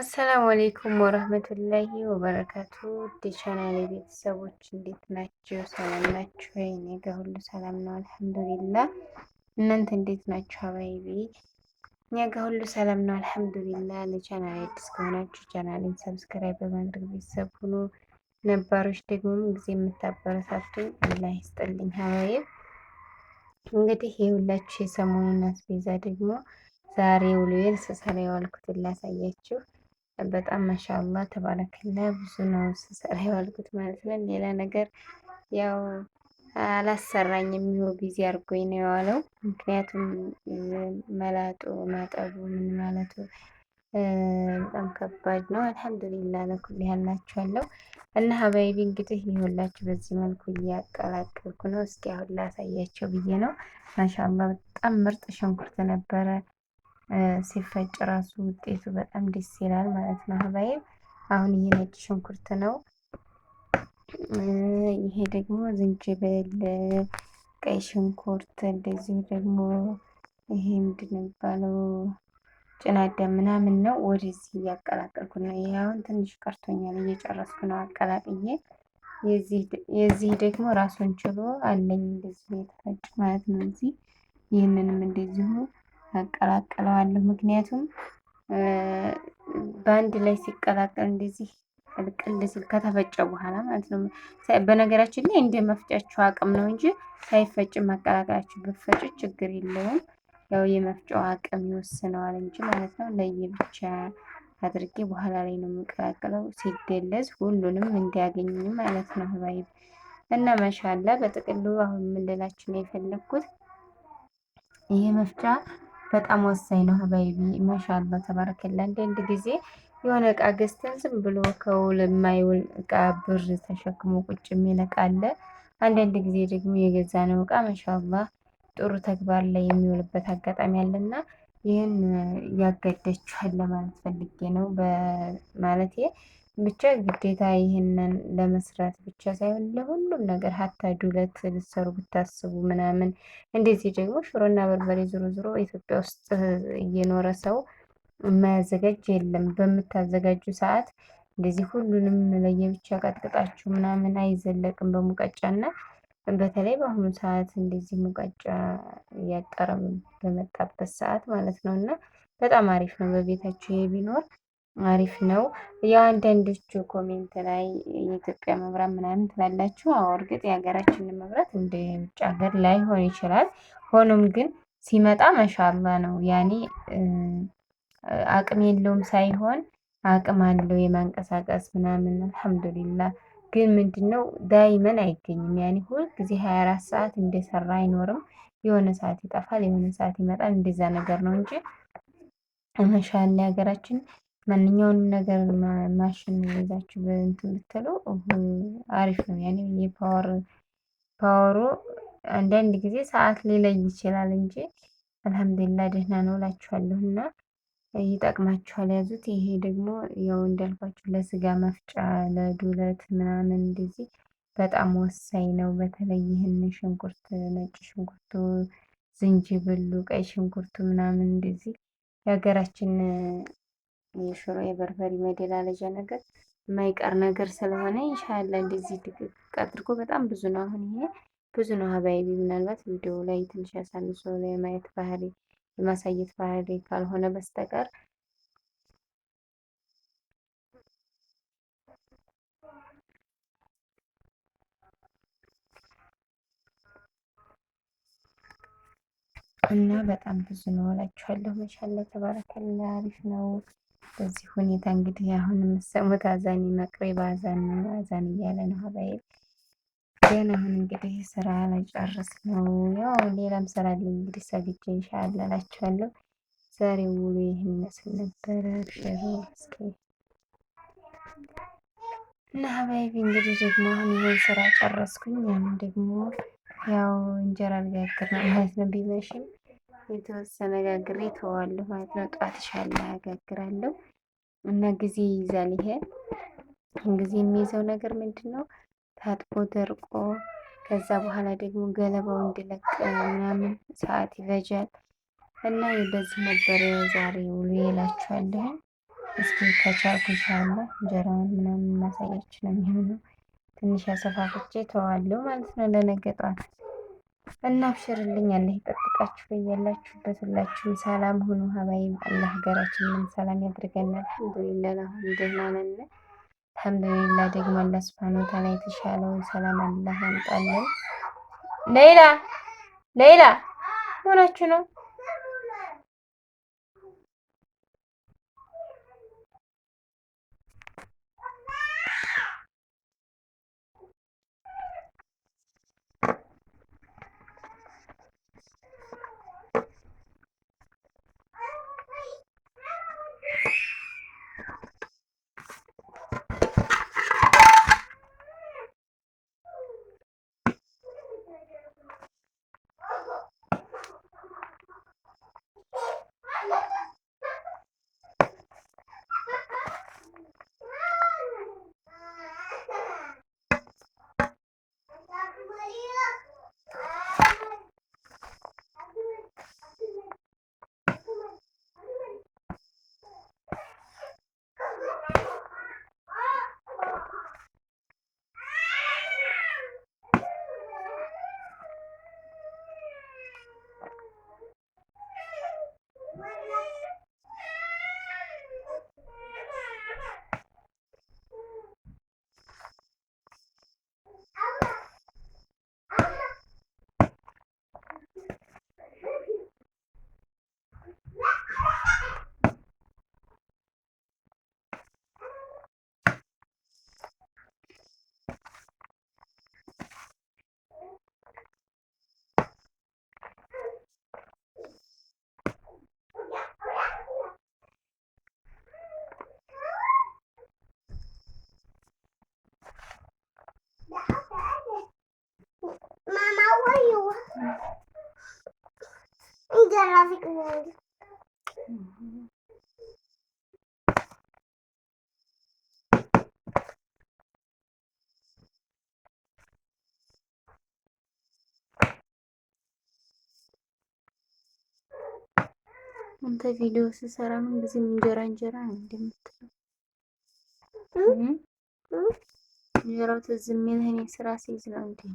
አሰላሙ አሌይኩም ወረህመቱላሂ ወበረካቱ ዲቻናል ቤተሰቦች እንዴት ናቸው? ሰላም ናችሁ? እኔ ጋ ሁሉ ሰላም ነው አልሐምዱሊላ። እናንተ እንዴት ናችሁ? ሀባይቢ እኛ ጋ ሁሉ ሰላም ነው አልሐምዱሊላ። ለቻናል አዲስ ከሆናችሁ ቻናልን ሰብስክራይብ በማድረግ ቤተሰብ ሁኑ። ነባሮች ደግሞ ጊዜ የምታበረታቱኝ አላህ ይስጥልኝ። ሀባይ እንግዲህ የሁላችሁ የሰሞኑን አስቤዛ ደግሞ ዛሬ ውሎዬን ስሰራ የዋልኩትን ላሳያችሁ። በጣም ማሻአላ ተባረክላ ብዙ ነው ስሰራ የዋልኩት ማለት ነው። ሌላ ነገር ያው አላሰራኝ የሚሆን ቢዚ አድርጎኝ ነው የዋለው። ምክንያቱም መላጡ ማጠቡ ምን ማለቱ በጣም ከባድ ነው። አልሐምዱሊላ ለኩል ያልናችኋለሁ እና ሀባይቢ እንግዲህ ይሁላችሁ በዚህ መልኩ እያቀላቀልኩ ነው። እስኪ አሁን ላሳያቸው ብዬ ነው። ማሻአላ በጣም ምርጥ ሽንኩርት ነበረ። ሲፈጭ ራሱ ውጤቱ በጣም ደስ ይላል ማለት ነው። ሀባይም አሁን ይሄ ነጭ ሽንኩርት ነው። ይሄ ደግሞ ዝንጅብል፣ ቀይ ሽንኩርት እንደዚሁ ደግሞ ይሄ ምንድን ነው የሚባለው ጭናዳ ምናምን ነው። ወደዚህ እያቀላቀልኩ ነው። ይሄ አሁን ትንሽ ቀርቶኛል፣ እየጨረስኩ ነው አቀላቅዬ። የዚህ ደግሞ ራሱን ችሎ አለኝ እንደዚህ የተፈጭ ማለት ነው። እዚህ ይህንንም እንደዚሁ አቀላቅለዋለሁ። ምክንያቱም በአንድ ላይ ሲቀላቀል እንደዚህ ቅልቅል ሲል ከተፈጨ በኋላ ማለት ነው። በነገራችን ላይ እንደ መፍጫችሁ አቅም ነው እንጂ ሳይፈጭ ማቀላቀላችሁ ብፈጩ ችግር የለውም። ያው የመፍጫው አቅም ይወስነዋል እንጂ ማለት ነው። ለየብቻ አድርጌ በኋላ ላይ ነው የምቀላቅለው ሲገለጽ ሁሉንም እንዲያገኝ ማለት ነው። ህባይ እና መሻላ በጥቅሉ አሁን የምንላችሁ ነው የፈለግኩት ይሄ መፍጫ በጣም ወሳኝ ነው። ሀባይቢ ማሻአላ ተባረከላ። አንዳንድ ጊዜ የሆነ እቃ ገዝተን ዝም ብሎ ከውል የማይውል እቃ ብር ተሸክሞ ቁጭ የሚል አንዳንድ ጊዜ ደግሞ የገዛ ነው እቃ ማሻአላ ጥሩ ተግባር ላይ የሚውልበት አጋጣሚ አለና ይህን ያገደችኋል ለማለት ፈልጌ ነው። በማለቴ ብቻ ግዴታ ይህንን ለመስራት ብቻ ሳይሆን ለሁሉም ነገር ሀታ ዱለት ልትሰሩ ብታስቡ ምናምን። እንደዚህ ደግሞ ሽሮና በርበሬ ዞሮ ዞሮ ኢትዮጵያ ውስጥ እየኖረ ሰው የማያዘጋጅ የለም። በምታዘጋጁ ሰዓት እንደዚህ ሁሉንም ለየብቻ ቀጥቅጣችሁ ምናምን አይዘለቅም በሙቀጫ እና በተለይ በአሁኑ ሰዓት እንደዚህ ሙቀጫ እያጠረ በመጣበት ሰዓት ማለት ነው እና በጣም አሪፍ ነው በቤታችሁ ይሄ ቢኖር አሪፍ ነው። ያው አንዳንዶቹ ኮሜንት ላይ የኢትዮጵያ መብራት ምናምን ትላላችሁ። አዎ እርግጥ የሀገራችንን መብራት እንደ ውጭ ሀገር ላይሆን ይችላል። ሆኖም ግን ሲመጣ መሻላ ነው። ያኔ አቅም የለውም ሳይሆን አቅም አለው የማንቀሳቀስ ምናምን። አልሐምዱሊላ ግን ምንድን ነው ዳይመን አይገኝም። ያኔ ሁልጊዜ ሀያ አራት ሰዓት እንደሰራ አይኖርም። የሆነ ሰዓት ይጠፋል፣ የሆነ ሰዓት ይመጣል። እንደዛ ነገር ነው እንጂ መሻላ የሀገራችን ማንኛውንም ነገር ማሽን ይዛችሁ እንትን ብትሉ አሪፍ ነው። ያኔ የፓወር ፓወሩ አንዳንድ ጊዜ ሰዓት ሊለይ ይችላል እንጂ አልሐምዱሊላ ደህና ነው እላችኋለሁ። እና ይጠቅማችኋል፣ ያዙት። ይሄ ደግሞ ያው እንዳልኳችሁ ለስጋ መፍጫ፣ ለዱለት ምናምን እንደዚህ በጣም ወሳኝ ነው። በተለይ ይህን ሽንኩርት፣ ነጭ ሽንኩርቱ፣ ዝንጅብሉ፣ ቀይ ሽንኩርቱ ምናምን እንደዚህ የሀገራችን የሽሮ የበርበሪ መደላለጃ ነገር የማይቀር ነገር ስለሆነ ኢንሻላህ እንደዚህ ድቅቅ አድርጎ በጣም ብዙ ነው። አሁን ይሄ ብዙ ነው ሀባይቢ። ምናልባት ቪዲዮ ላይ ትንሽ ያሳንሶ የማየት ባህሪ የማሳየት ባህሪ ካልሆነ በስተቀር እና በጣም ብዙ ነው እላችኋለሁ። መሻላ ተባረከላ አሪፍ ነው። በዚህ ሁኔታ እንግዲህ አሁን የምትሰሙት አዛኒ መቅሬ በአዛን አዛን እያለ ነው። ሀባይ ግን አሁን እንግዲህ ስራ ለጨርስ ነው። ያው ሌላም ስራ አለ እንግዲህ ሰግጄ ይሻላል እላችኋለሁ። ዛሬ ውሎ ይህን ይመስል ነበረ። ሸሩ እስኪ እና ሀባይቢ እንግዲህ ደግሞ አሁን ይህን ስራ ጨረስኩኝ። ያም ደግሞ ያው እንጀራ ልጋግር ነው ማለት ነው ቢመሽም የተወሰነ ጋግሬ ተዋለሁ ማለት ነው። ጠዋት ሻለ ያጋግራለሁ እና ጊዜ ይይዛል። ይሄ ጊዜ የሚይዘው ነገር ምንድን ነው? ታጥቦ ደርቆ ከዛ በኋላ ደግሞ ገለባው እንዲለቅ ምናምን ሰዓት ይፈጃል እና በዚህ ነበር ዛሬ ውሎ የላችኋለሁ። እስኪ ከቻልኩ ይሻለ እንጀራውን ምናምን ማሳያችን ነው የሚሆነው። ትንሽ አሰፋፍቼ ተዋለሁ ማለት ነው ለነገ ጠዋት እና አብሽርልኝ አለ ይጠብቃችሁ። በያላችሁበት ሁላችሁም ሰላም ሁኑ። ሀባይም አለ ሀገራችንን ሰላም ያድርገናል። አልሐምዱሊላህ አሁን ደህና ነን። ደግሞ አላህ ሱብሓነሁ ወተዓላ የተሻለውን ሰላም አላህ ያምጣልን። ሌላ ሌላ ሆናችሁ ነው Ainda não vi video sekarang bisa menjerang-jerang Hmm? Hmm? Jarak tuh zemil hanya serasi zaman dia.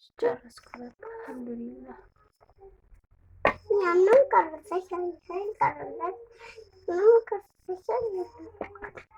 Ще раз коли Альхамдулілла. Yanım kalırsa, yanım kalırsa, yanım kalırsa, yanım kalırsa.